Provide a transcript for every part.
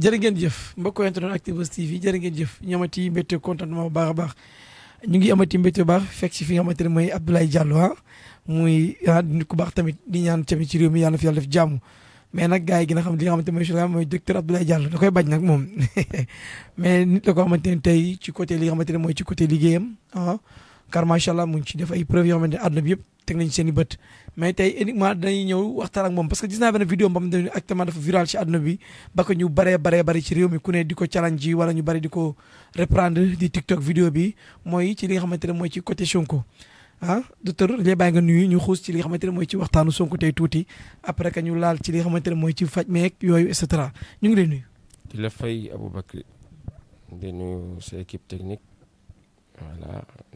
jërë ngeen jëf mbokk internet Actubuzz TV jërë ngeen jëf ñu amati mbégte contentement bu baax a baax ñu ngi amati mbégte bu baax fekk si fi nga mooy Abdoulaye Diallo ah muy ah nit ku baax tamit di ñaan tamit ci réew mi yàlla fi yàlla def jàmm mais nag gars yi gi nga xam li nga xamante mooy sula mooy docteur Abdoulaye Diallo da koy bañ nag moom mais nit la ko xamante ne tey ci côté lii nga xamante ne mooy ci côté liggéeyam ah car macha allah mu ci def ay preuve yoo xamante ne àdduna bi yëpp teg nañ seen i bët mais tey uniquement dañuy ñëw waxtaan ak moom parce que gis naa benn vidéo boo xam ne actuellement dafa viral ci àdduna bi ba ko ñu baree ci réew di ko challenge yi wala ñu bari di ko reprendre di TikTok vidéo bi mooy ci li nga xamante ne mooy ci côté Sonko ah docteur lay bàyyi nga nuyu xamante ne mooy ci waxtaanu Sonko tey tuuti après que ñu laal ci li nga ne mooy ci faj meeg yooyu et cetera ñu ngi lay nuyu. di la fay Aboubacry di nuyu sa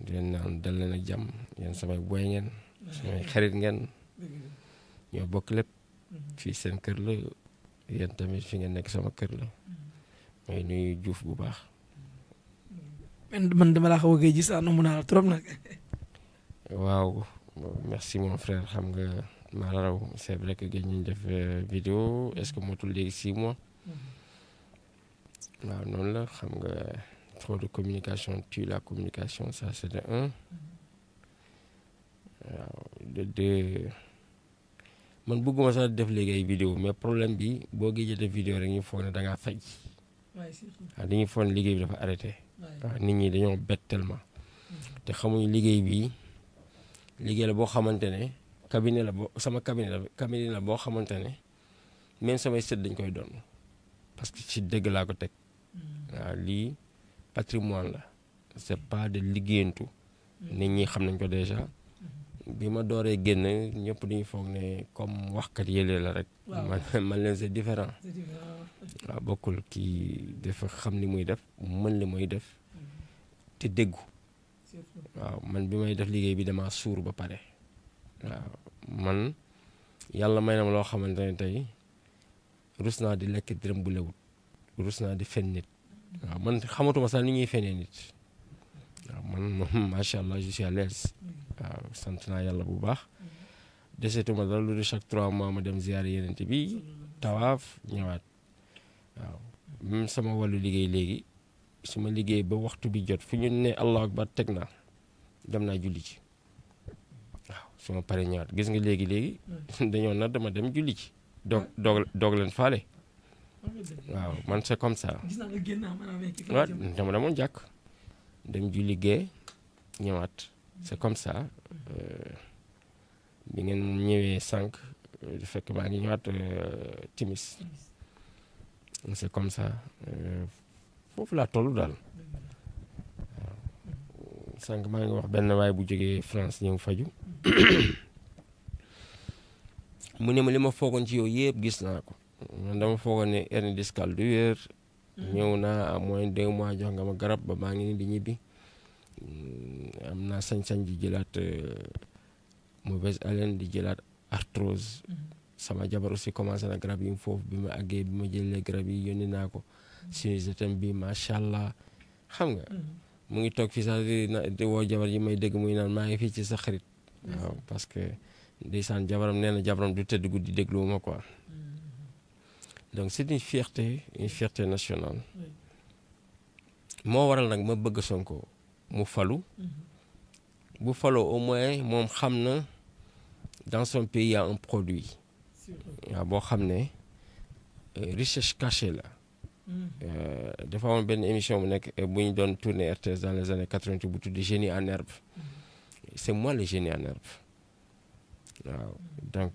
di leen naan dal leen ak jàmm yéen samay boy ngeen samay xarit ngeen ñoo bokk lépp fii seen kër la yéen tamit fi ngeen nekk sama kër la may nuyu Diouf bu baax man dama laa xaw a koy gis ànd ah, mu naa xam nga maa la raw c'est vrai euh, léegi six mois mhm. noonu la xam nga Trop de communication tue la communication, ça c'est de man bëgguma sax def léegi ay vidéo mais problème bi boo gisee def vidéo rek ñu foog ne da ngaa faj. waaw ah, dañuy foog ne liggéey bi dafa arrêté. waaw ah, nit ñi dañoo bett tellement. Mhm. te xamuñu liggéey bi liggéey la boo xamante ne cabinet la boo sama cabinet la boo xamante ne même samay sët dañ koy doon parce que ci dëgg laa ko teg. waaw mhm. ah, lii patrimoine la c'est pas de liggéeyantu mm. nit ñi xam nañ ko déjà mm. bi ma dooree génn ñëpp dañu foog ne comme waxkat yële la rek man man leen c'est différent waaw bokkul kii dafa xam ni muy def mën li muy def mm. te déggu waaw man bi may def liggéey bi dama suur ba pare waaw man yàlla may na ma loo xamante ne tey rus naa di lekk dërëm bu lewut rus naa di fen nit waaw man xamatuma sax ni ñuy fenee nit waaw man moom macha allah je suis à l'aise waaw sant naa yàlla bu baax desetuma dara lu de chaque trois mois ma dem ziyaare yeneen bi tawaaf ñëwaat waaw sama wàllu liggéey léegi su ma liggéey ba waxtu bi jot fu ñu ne allahu akbar teg naa dem naa julli ci waaw su ma paree ñëwaat gis nga léegi mm. léegi dañoo na dama dem julli ci doog mm. doog doog leen faale waaw man c'est comme ça. gis dama jàkk dem ju liggéey ñëwaat c'est comme ça euh, bi ngeen ñëwee sànq du euh, fekk maa ngi ñëwaat euh, timis c'est comme ça foofu laa toll daal waaw maa ngi wax benn waay bu jógee France ñëw faju mm-hmm. mu ne ma li ma foogoon ci yow yëpp gis naa ko. man dama foogoon ne hernie discale du wér. ñëw naa à moins deux mois jox nga ma garab ba maa ngi di ñibbi mm, am naa sañ-sañ di jëlaat euh, mauvaise haleine di jëlaat arthrose. Mm-hmm. sama jabar aussi commencé na garab yi mu foofu bi ma àggee bi ma jëlee garab yi yónni naa ko. Mm-hmm. sinusitam bi macha allah xam nga. Mm-hmm. mu ngi toog fii sax di woo jabar yi may dégg muy naan maa ngi fii ci sa xarit. waaw parce que ndeysaan jabaram nee na jabaram du tëdd guddi dégluwuma quoi. donc c'est une fierté une fierté nationale moo waral nag ma bëgg Sonko mu falu mhm. bu faloo au moins moom xam na dans son pays y a un produit waaw boo xam ne euh, richesse cachée la mhm. euh, dafa amoon benn émission bu nekk euh, bu ñu doon tourner RTS dans les années 80 bu tudd génie en herbe mhm. c'est moi le génie en herbe waaw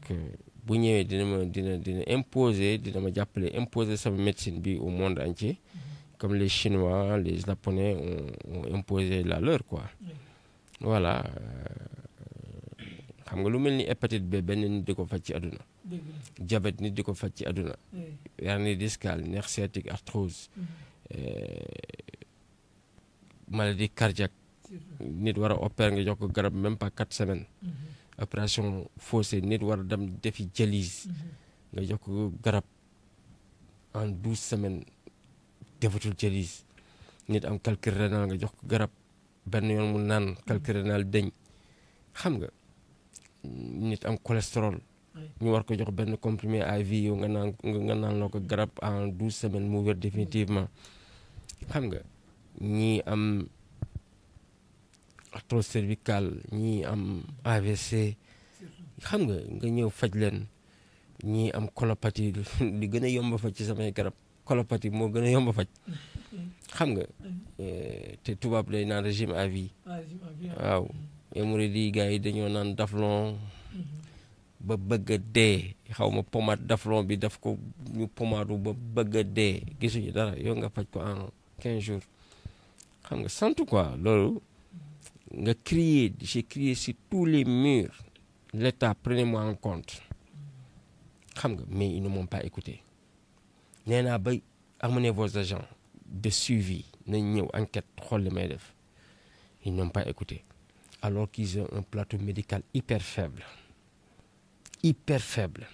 bu ñëwee dina ma dina dina dina ma jàppale imposer sama médecine bi au monde entier mm-hmm. comme les chinois les japonais ont, ont la leur quoi voilà euh, xam nga lu mel ni hépatite B benn nit di ko faj ci àdduna diabète nit di ko faj ci àdduna hernie discale nerf sciatique arthrose mm-hmm. euh, maladie cardiaque nit war a opérer nga jox ko garab même pas quatre semaines mm-hmm. opération faussée nit war dem defi dialyse nga jox ko garab en douze semaine defatul dialyse nit am calcul nga jox ko garab benn yoon mu naan calcul rénal deñ xam nga nit am cholestérol ñu war ko jox benn comprimé à vie yow nga naan nga garab en douze semaines mu wér xam nga ñii am arthrose cervicale ñii am AVC xam nga nga ñëw faj leen ñii am colopathie li gën a yomb faj ci samay garab colopathie moo gën a yomb faj xam nga eh, te tubaab lay naan régime à vie ah, ah. waaw hémorroïdes yi gars yi dañoo naan daflon ba bëgg dee xaw ma pomade daflon bi daf ko ñu pomadu ba bëgg a dee gisuñu dara yow nga faj ko en 15 jours xam nga sant quoi nga crier j'ai crié sur tous les murs l'État prenez-moi en compte xam nga mais ils ne m'ont pas écouté nee naa ba amenez vos agents de suivi nañ ñëw enquête xool li may def ils n'ont pas écouté alors qu'ils ont un plateau médical hyper faible hyper faible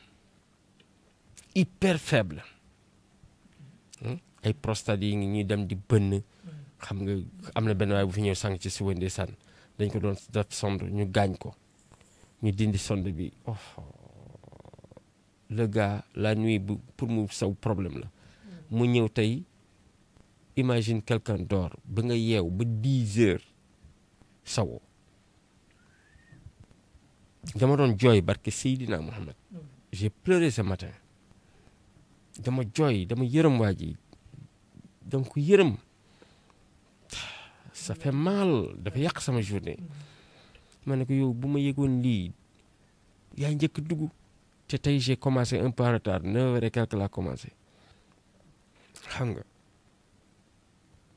hyper faible hmm? ay prostate yi ngi ñuy dem di bënn xam nga am na benn waay bu fi ñëw sànq ci suba ndeysaan dañ ko doon def sonde ñu gaañ ko ñu dindi sonde bi oh la nuit bu pour mu saw problème la mu ñëw tey imagine quelqu'un dort ba nga yeew ba dix heures sawoo dama doon jooy barke Seydina Mohamed j'ai pleuré ce matin dama jooy dama yërëm waa ji dama ko yërëm ça fait mal dafa yàq sama journée ma ne ko yow bu ma yëgoon lii yaa njëkk dugg te tey j'ai commencé un peu en retard neuf heures quelque laa commencé xam nga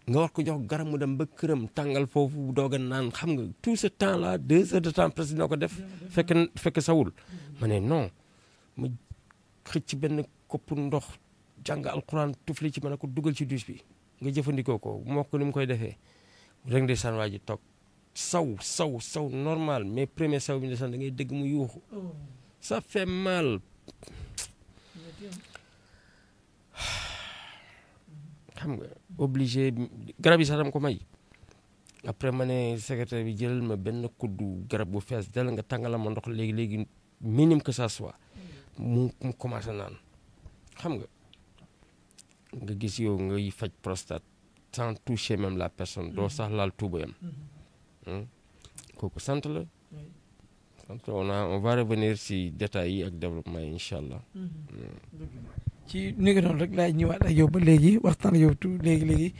nga war ko jox garab mu dem ba këram tàngal foofu doog a naan xam nga tous ce temps là deux heures de temps presque ko def fekk fekk sawul ma ne non ma xëcc benn kopp ndox jàng alxuraan tufli ci ma ko dugal ci du bi nga jëfandikoo ko moo ko ni mu koy defee rek ndeysaan waa ji toog saw saw saw normal mais premier saw bi ndeysaan da ngay dégg mu yuuxu oh. ça fait mal xam nga obligé garab yi sax dama ko may après ma ne secrétaire bi jëlal ma benn kuddu garab bu fees dal nga tàngala ma ndox léegi léegi minimum que ça soit mu mu commencé naan xam nga nga gis yow ngay faj prostate sans toucher même la personne doo mm-hmm. sax laal tuubayam mm-hmm. mm. kooku sant la sant on a on va si détails yi ak développement yi incha allah mm-hmm. mm. ci ni nga doon rek laay ñëwaat ak yow ba léegi waxtaan yow tu léegi léegi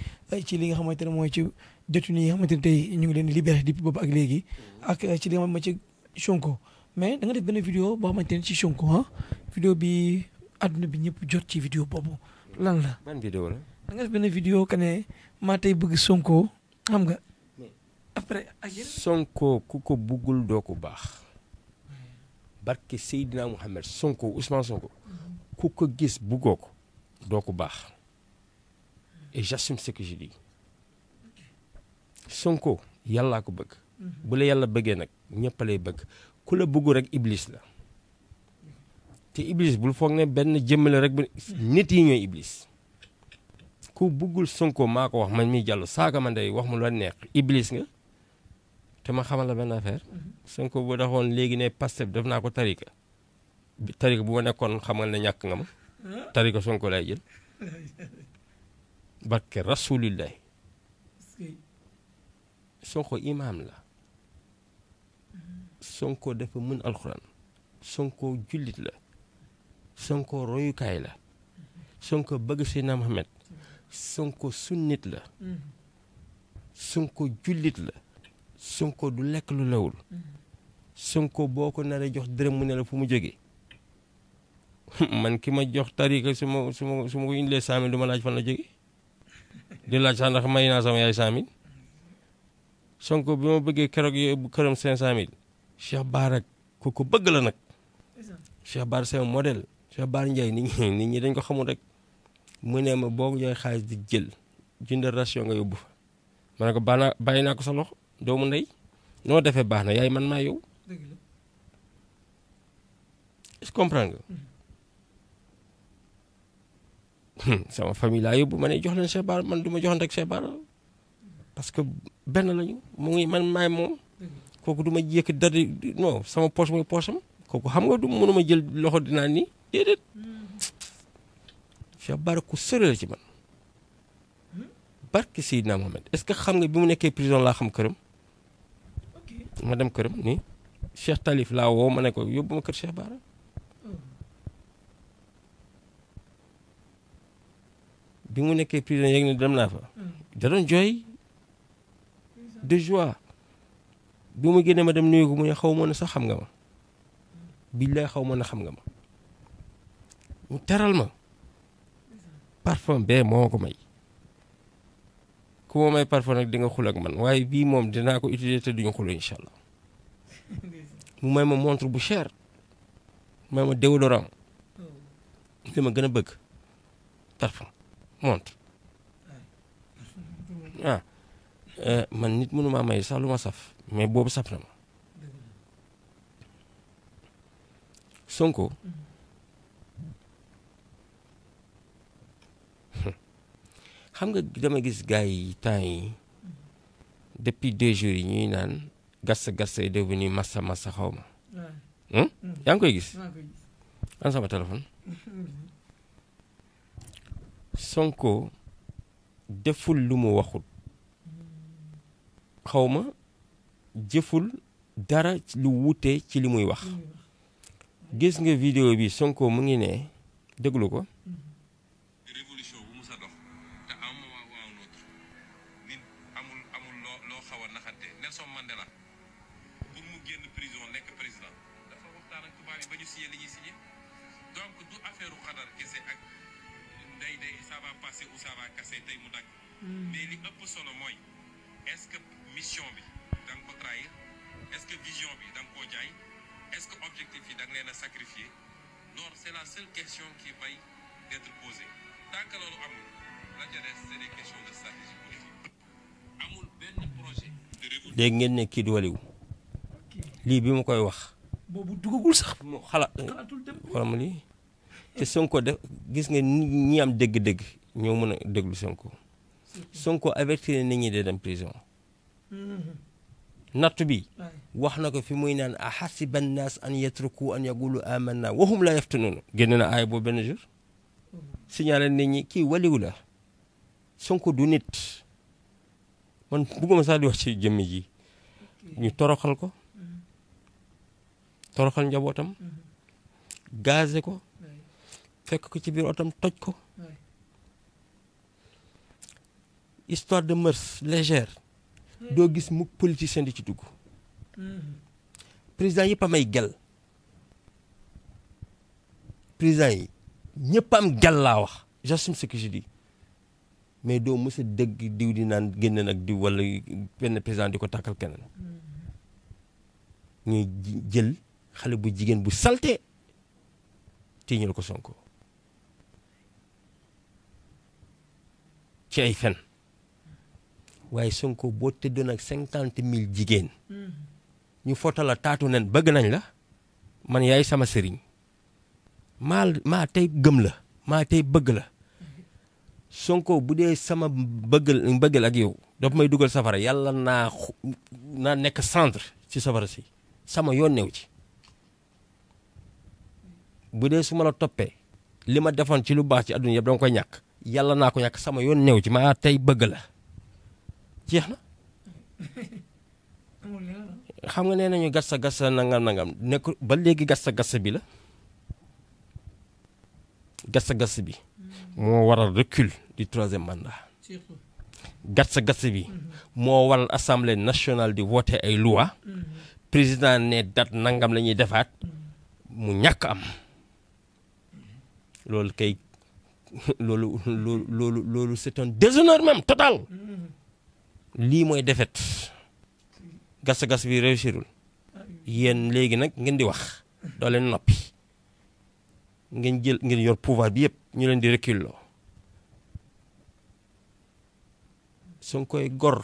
ci li nga xamante ne mooy ci détenus yi nga xamante ne tey ñu ngi leen libéré depuis boobu ak léegi ak ci li nga xamante mooy ci Sonko mais da nga def benn vidéo boo xamante ah. bi àdduna bi ñëpp jot ci vidéo boobu lan la la da nga def benn bëgg Sonko xam nga après. Sonko ku ko buggul doo ko baax barke Seydina Mohamed Sonko Ousmane Sonko ku ko gis buggoo ko doo ko baax et j'assume ce que je Sonko yàllaa ko bëgg. Mhm. bu la yàlla bëggee nag ñëpp bëgg ku la bëggul rek iblis la te iblis bul foog ne benn jëmm la rek nit yi ñooy iblis. ku buggul Sonko maa ko wax man mi jàllu saaga ma ndey wax mu la neex iblis nga te ma xamal la benn affaire Sonko boo daxoon léegi ne Pastef def naa ko tarika tarika bu ma nekkoon xamal ne ñàkk nga ma tarika Sonko lay jël barke rasulillah Sonko imaam la Sonko dafa mën alxuraan Sonko jullit la Sonko royukaay la Sonko bëgg Seydina Muhammad Sonko sunnit la mm-hmm. Sonko jullit la Sonko du lekk lu lawul mm-hmm. Sonko boo ko naree jox dërëm mu ne la fu mu jógee man ki ma jox tariika su ma su ma ma ko indilee cent mille du laaj fan la jóge di laaj sax ndax may naa sama yaay cent Sonko bi ma bëggee keroog yóbbu këram cinq cent mille Cheikh Bara ku ko bëgg la nag Cheikh Bara c'est un modèle Cheikh Bara nit ñi dañ ko xamul rek mu ne ma boo ñooy xaalis di jël jëndal ration nga yóbbu fa ma ne ko baax bàyyi naa ko sa loxo doomu ndey noo defee baax na yaay man maa yow mm-hmm. hmm, sama famille laa yóbbu ma ne jox leen Cheikh man du ma joxoon rek parce que benn lañu mu ngi man maay moom kooku du ma yëkk dara non sama poche mooy poche kooku xam nga du mënuma jël loxo dinaa nii déedéet. Mm. Cheikh Bara ku la ci man barke Seydina Mohamed est-ce que xam nga bi mu nekkee prison laa xam këram ma dem këram ni Cheikh Talif laa woo ma ne ko yóbbu ma kër Cheikh Bara oh. bi mu nekkee prison yéeg ne dem naa fa hmm. da doon jooy de joie bi mu génnee ma dem nuyu ko mu ne xaw ma ne sax xam nga ma hmm. billaay xaw ma ne xam nga ma mu teral ma parfum bee moo ko may ku may parfum nag di nga xul ak man waaye bii moom dinaa ko utiliser te duñu xuloo incha allah mu may ma montre bu cher may ma déodorant li ma gën a bëgg parfum montre ah eh, man nit mënu maa may sax lu ma saf mais boobu saf na ma Sonko. Mm-hmm. xam nga dama gis gars yi temps yi depuis deux jours yi ñuy naan gassa gassa yi devenu massa massa xaw ma. Mm. yaa ngi koy gis. an sama téléphone. Mm-hmm. Sonko deful lu mu waxul. Mm-hmm. xaw ma jëful dara lu wuute ci li muy wax. gis nga vidéo bi Sonko mu ngi ne déglu ko. léegi ngeen ne kii di waliw lii bi mu koy wax. boobu duggagul sax. mu xalaat xoolal ma lii te Sonko def gis nga nit ñi am dégg-dégg ñoo mën a déglu Sonko. Sonko avertir nit ñi de dem prison. Mm-hmm. natt bi. wax na ko fi muy naan a si nnaas an yatruku an yaqulu amanna wahum la yaftanuun génn na aay boobu benn jour. Mm-hmm. signalé nit ñi kii waliw la Sonko du nit. man bugguma sax di wax ci jëmmi ji ñu toroxal ko toroxal njabootam gaze ko fekk ko ci biir otam toj ko histoire de mœurs légère doo gis mukk politicien di ci dugg président yëpp am ay gel président yi ñëpp am gel laa wax j'assume ce que mais doo mës a diw di naan génn nag diw wala benn président di ko tàkkal keneen mm-hmm. ñuy jël xale bu jigéen bu salte tiiñal ko Sonko ci ay fen waaye Sonko boo tëddoon ak cinquante mille jigéen mm-hmm. ñu foto la taatu nen bëgg nañ la man yaay sama sëriñ maa maa tey gëm la maa tey bëgg la Sonko bu dee sama bëggal bëggal ak yow daf may dugal safara yàlla naa naa nekk centre ci safara si sama yoon new ci bu dee su ma la toppee li ma defoon ci lu baax ci àdduna yëpp danga koy ñàkk yàlla naa ko ñàkk sama yoon new ci maa tey bëgg la jeex na xam nga nee nañu gassa gassa nangam nangam nekk ba léegi gas gassa gassa bi la gassa gassa bi moo waral recul du troisième mandat gatsa gatsa bi moo waral assemblée nationale di voté ay loi président ne date nangam la ñuy defaat mu ñàkk am loolu kay loolu loolu loolu loolu c'est un déshonneur total lii mooy défaite gatsa gas bi réussirul yéen léegi nag ngeen di wax doo leen noppi ngeen jël ngeen yor pouvoir bi yëpp ñu leen di recul loo Sonkoy gor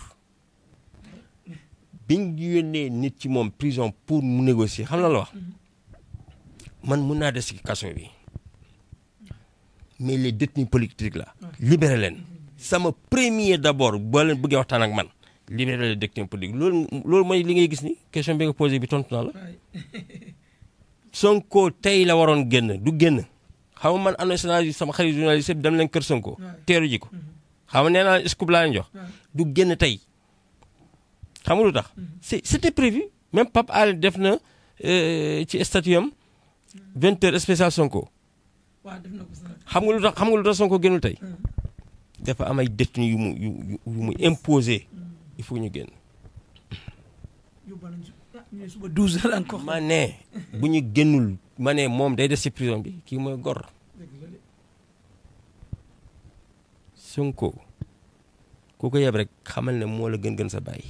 biñ yónnee nit ci moom prison pour mu négocier xam la la wax man mun naa des ci kaso bi mais les détenus politiques là libéré leen sama premier d'abord boo leen bëggee waxtaan ak man libéré les détenus loolu loolu mooy li ngay gis ni question bi nga posé bi tontu naa la Sonko tey la waroon génn du génn xam man am na journaliste sama xarit journaliste yëpp dem leen Kër Sonko teeru ji ko mm-hmm. xam nga nee naa laa jox du génn tey xam nga lu tax mm-hmm. c' était prévu même Pape Alé na euh, ci statut am mm-hmm. vingt xam nga lu tax xam nga lu tey dafa am ay détenus yu mu yu mu imposé il faut ñu génn. suba 12 bu ñu génnul ma moom day des ci prison bi kii mooy gor. Sonko ku ko yeb rek xamal ne moo la gën gën sa baay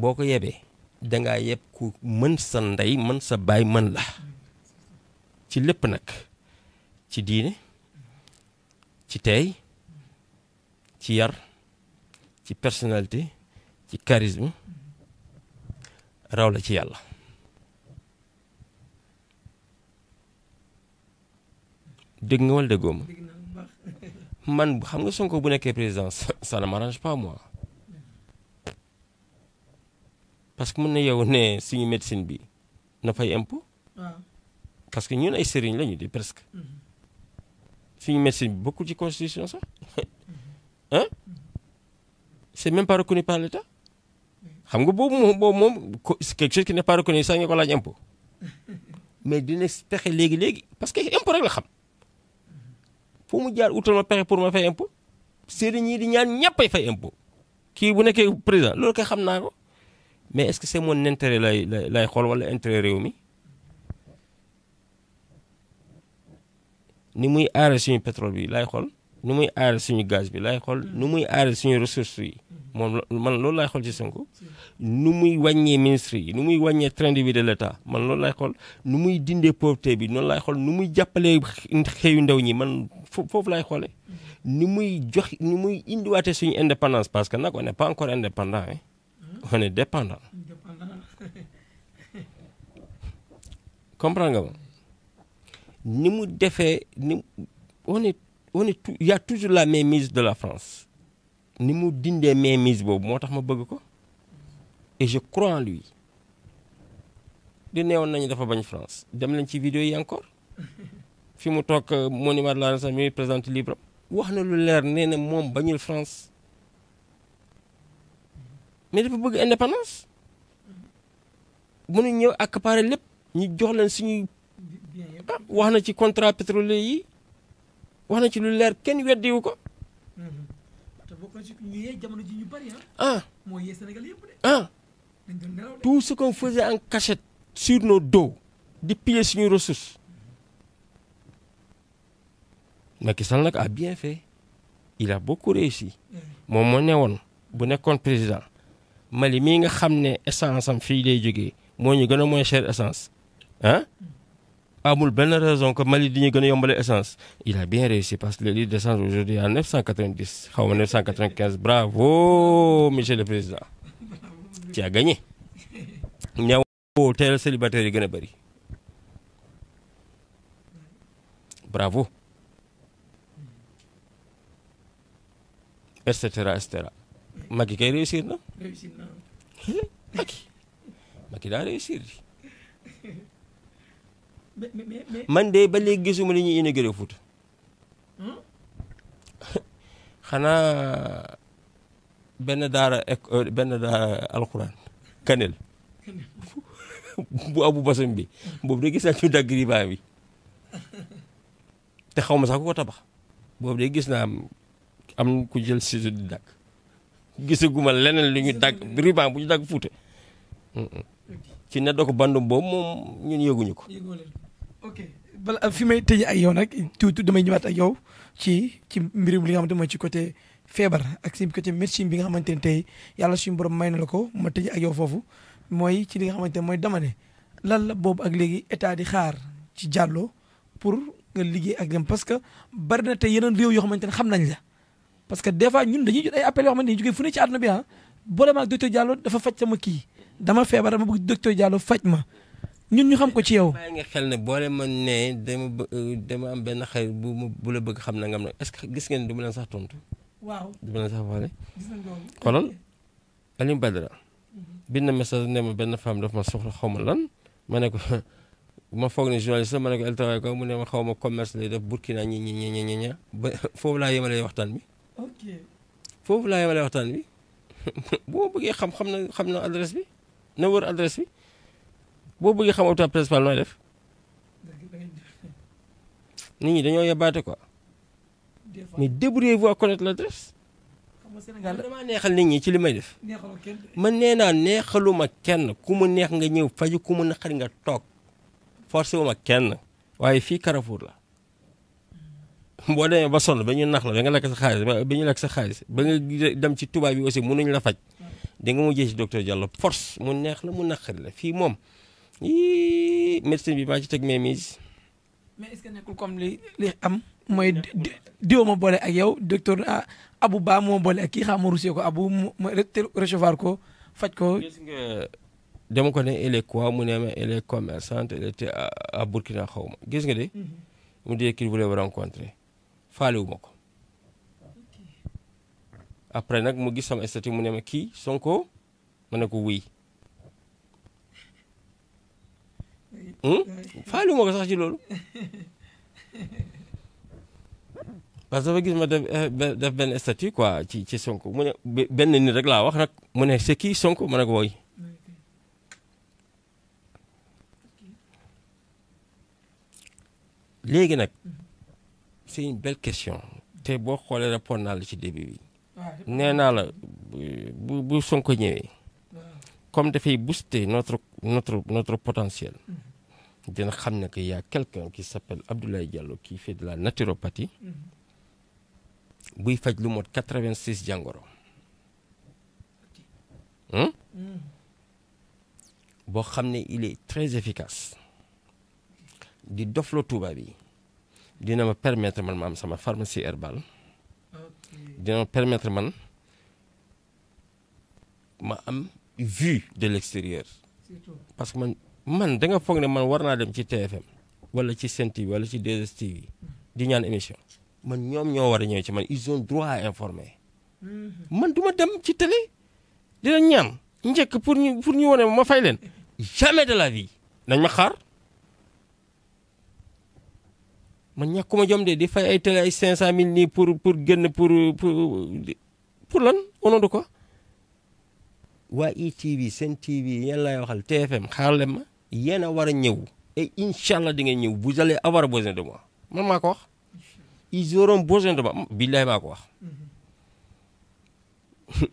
boo ko yebee dangaa yeb ku mën sa ndey mën sa baay mën la ci lépp nag ci diine ci tey ci yar ci personnalité. ci charisme raw la ci yàlla dégg nga wala déggoo ma man xam nga Sonko bu nekkee président ça ne m'arrange pas moi parce que mën na yow ne suñu médecine bi na fay impôt parce que ñun ay sëriñ lañu di presque mhm. suñu médecine bi bokkul ci constitution sax mhm. hein mhm. c'est même pas reconnu par l'État xam nga boobu moom moom quelque chose qui n'est pas reconnu sax ñu ko laaj impôt mais dina pexe léegi léegi parce que impôt rek la xam fu mu jaar utal ma pexe pour ma fay impôt sëriñ ñii di ñaan ñàppay fay impôt kii bu nekkee président loolu kay xam naa ko mais est-ce que c'est mon intérêt lay lay xool wala intérêt réew mi ni muy aare suñu pétrole bi lay xool ni muy aare suñu gaz bi lay xool ni muy aare suñu ressources yi. moom man loolu laay xool ci Sonko nu muy wàññee ministre yi nu muy wàññee train de vie de l'État man loolu laay xool nu muy dindee pauvreté bi noonu laay xool nu muy jàppalee xëyu ndaw ñi man foofu laay xoolee. nu muy jox nu muy indiwaatee suñu indépendance parce que nag on n'est pas encore indépendant hein dépendant. comprendre nga ni mu defee ni on est on est il y a toujours de la France. ni mu dindee mais mise boobu moo tax ma bëgg ko et je crois lui di neewoon nañu dafa bañ France dem lañ ci vidéo yi encore fi mu toog monument de la Renaissance mi présente libre wax na lu leer nee na moom bañul France mais dafa bëgg indépendance mënuñ ak accaparer lépp ñu jox leen suñuy ah, wax na ci contrat pétrolier yi wax na ci lu leer kenn weddiwu ko mm-hmm. bokk na ji ñu bari ah, ah. moo ah. tout ce qu'on en cachette sur nos dos di piller suñuy ressource Macky Sall nag a bien fait il a beaucoup réussi eh. moom moo ne woon bu nekkoon président Mali mii nga xam ne essence am fii lay jógee moo ñu gën a moins essence ah hmm. amul benn raison que Mali di ñu gën a yombale essence il a bien réussi parce que le litre d'essence aujourd'hui à 990 xaw ma 995 bravo monsieur le président ci a gagné. ñaw teel célibataire gën a bëri bravo et cetera et cetera Macky kay réussir na. réussir daa réussir. man de ba léegi gisuma li ñuy inauguré Fouta hmm? xanaa benn daara euh, benn daara alxuraan kanel bu abu basam bi boobu de gis naa ñu dagg riba bi te xaw ma sax ku ko tabax boobu de gis naa am ku jël ciseau di dagg gisaguma leneen lu ñu dagg riba bu ñu dagg Fouta ci ne doog bandum boobu moom ñun yëguñu ko. ok bala fi may tëjee ay yow nag tuuti damay ñëwaat ak yow ci ci mbirum li nga xamante mooy ci côté feebar ak ci côté médecine bi nga xamante ne tey yàlla suñu borom may na la ko ma tëjee ak yow foofu mooy ci li nga xamante ne mooy dama ne lan la boobu ak léegi état di xaar ci Diallo pour nga liggéey ak ñoom parce que bari na tey yeneen réew yoo xamante ne xam nañ la parce que des fois ñun dañuy jot ay appels yoo xamante ne ñu jógee ci àdduna bi ah boolema ak dafa faj kii. dama feebar dama bëgg docteur Diallo faj ma ñun ñu xam ko ci yow. maa ngi xel ne boole ma nee dama euh, dama am benn xarit bu ma bu la bëgg xam na nga am est-ce que gis ngeen du ma leen sax tontu. waaw du ma leen sax waxale. gis nañ mhm. benn femme daf xaw ma lan ma ne ko ma foog ne journaliste ma mu ne ma xaw ma commerce lay def Burkina ñi ñi ñi ñi ñi ba foofu laa yemalee waxtaan bi. laa yemalee waxtaan bi boo bëggee xam na xam bi. na wër adresse bi boo bëggee xam hôpital principal nooy def nit ñi dañoo yebaate ko mais débrouillez-vous à connaître l'adresse man damaa neexal nit ñi ci li may def man nee naa neexaluma kenn ku mu neex nga ñëw faj ku mu naqari nga toog forcé wuma kenn waaye fii Carrefour la boo demee ba sonn ba ñu nax la da nga lekk sa xaalis ba ñu lekk sa xaalis ba nga dem ci tubaab bi mun mënuñ la faj mm. di nga mujjee ci docteur Diallo force mu neex la mu naqari la fii moom yii bi maa ci teg mes mais est-ce comme li am mooy diw ma boole ak yow docteur ah, Abu Ba moo boole ak kii xam ma rusee ko Abu ma recevoir ko faj ko. gis ko ne elle est quoi mu ne ma elle est commerçante elle était à Burkina xaw ma gis nga de. Mm-hmm. mu dee qu'il voulait rencontrer. faalewu ma ko après nag mu gis sama statut mu ne ma kii Sonko ma ne ko wuy hmm? faalewu ma ko sax ci loolu parce que dafa gis ma def eh, benn statut quoi ci ci Sonko mu ne benn nit rek laa wax nag mu ne c'est kii Sonko ma ne ko woy léegi nag c'est une belle question te boo xoolee répondre naa la ci début bi. nee naa la bu bu Sonko ñëwee. comme dafay booster notre notre notre potentiel. Mm-hmm. dina xam ne que y a quelqu'un qui s'appelle Abdoulaye Diallo qui fait de mm-hmm. buy faj lu mot quatre-vingt-six jàngoro. Mm-hmm. boo xam ne il est très efficace. di doflo tubaab yi. dina ma permettre man ma am sama pharmacie herbale dina ma permettre man ma am vue de l'extérieur parce que man man da foog ne man war naa dem ci TFM wala ci Sen TV wala ci 2STV hmm. di ñaan émission man ñoom ñoo war a ñëw ci man ils ont droit à hmm. man du ma dem ci télé dina ñaan njekk pour ñu pour ñu wane ma fay leen jamais de la vie nañ ma xaar. man ñàkkuma jom de di fay ay télé ay 500000 nii pour pour génn pour pour pour lan au nom de quoi. waa ITV seen TV yéen laay waxal TFM xaar leen ma yéen a war a ñëw et incha allah di ngeen ñëw vous allez avoir besoin de moi man maa wax. ils auront besoin de moi billaay wax.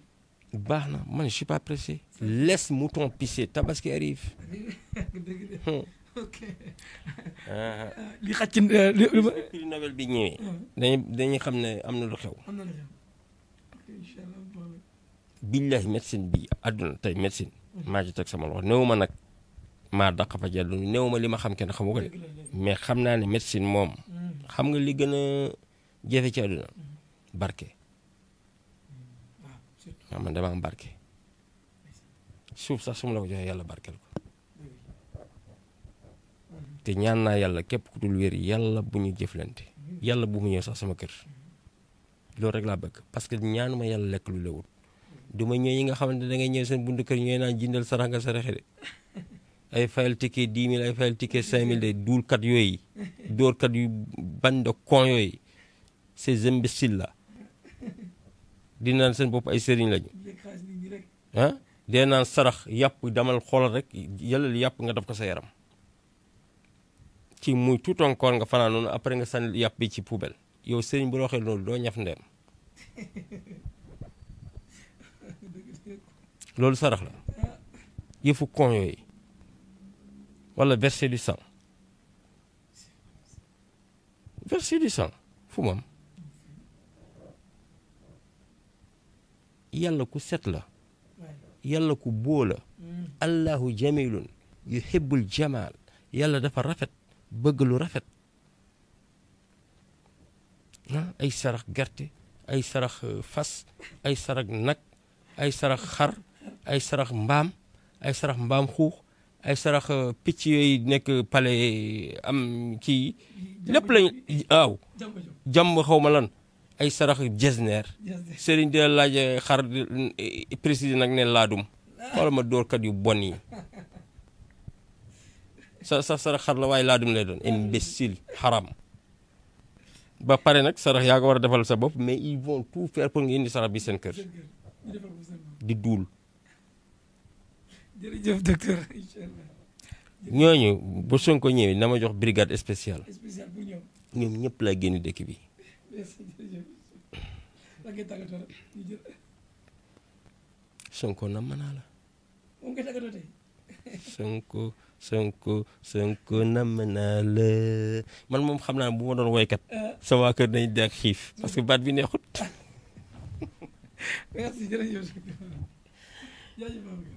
baax na man je suis pas mouton pisser tabaski arrive. Euh, euh, li xaj ci euh, li Nobel bi ñëwee. dañuy dañuy xam ne am na lu xew. am na lu xew. billahi médecine bi àdduna tey médecine. maa ci teg sama loxo néew ma nag maa dàq fa jàll néew ma li ma xam kenn xamu ko de mais xam naa ne médecine moom. Mm. xam nga li gën a jafe ci àdduna. Mm. barke. waaw mm. ah, ah, man dama am barke. suuf sax su ma la ko joxee yàlla barkeel ko. te ñaan naa yàlla képp ku dul wér yàlla bu ñu jëflante yàlla bu mu ñëw sax sama kër loolu rek laa bëgg parce que ma yàlla lekk lu lewut du ma ñëw yi nga xamante ne dangay ñëw seen buntu kër ñooy naan jindal sarax nga saraxe ay fayal ticket 10 000 ay fayal ticket 5 000 de duulkat dóorkat yu bande con yooyu ces imbéciles la di naan seen bopp ay sëriñ lañu ah dee naan sarax yàpp demal xoolal rek yàlla yàpp nga def ko sa yaram ci muy tuutonkoor nga fanaan noonu après nga sànni yàpp bi ci poubelle yow sëriñ bu la waxee loolu doo ñaf ndeem loolu sarax la yëfu kon yooyu walla verser du sang fu mu yàlla ku set la yàlla ku bóo la mm. allahu jamilun yuhibbul jamaal yàlla dafa rafet bëgg lu rafet ah, ay sarax gerte ay sarax euh, fas ay sarax nag ay sarax xar ay sarax mbaam ay sarax mbaam xuux ay sarax euh, picc yooyu nekk pale euh, am kii lépp lañ aw jàmm xaw ma lan ay sarax jesner sëriñ di laaj xar président nag ne laadum xoolal ma doorkat yu bon yi sa sa sarax xar la waaye laadum lay doon imbécile xaram ba pare nag sarax yaa ko war a defal sa bopp mais ils vont tout faire pour nga indi sarax bi seen kër di duul jërëjëf ñooñu bu Sonko ñëwee na ma jox brigade spéciale ñoom ñëpp laa génn dëkk bi Sonko na naa la Sonko Sonko Sonko nam naa la man moom xam naa bu ma doon woykat euh. sa waa kër dañ xiif parce que baat bi neexut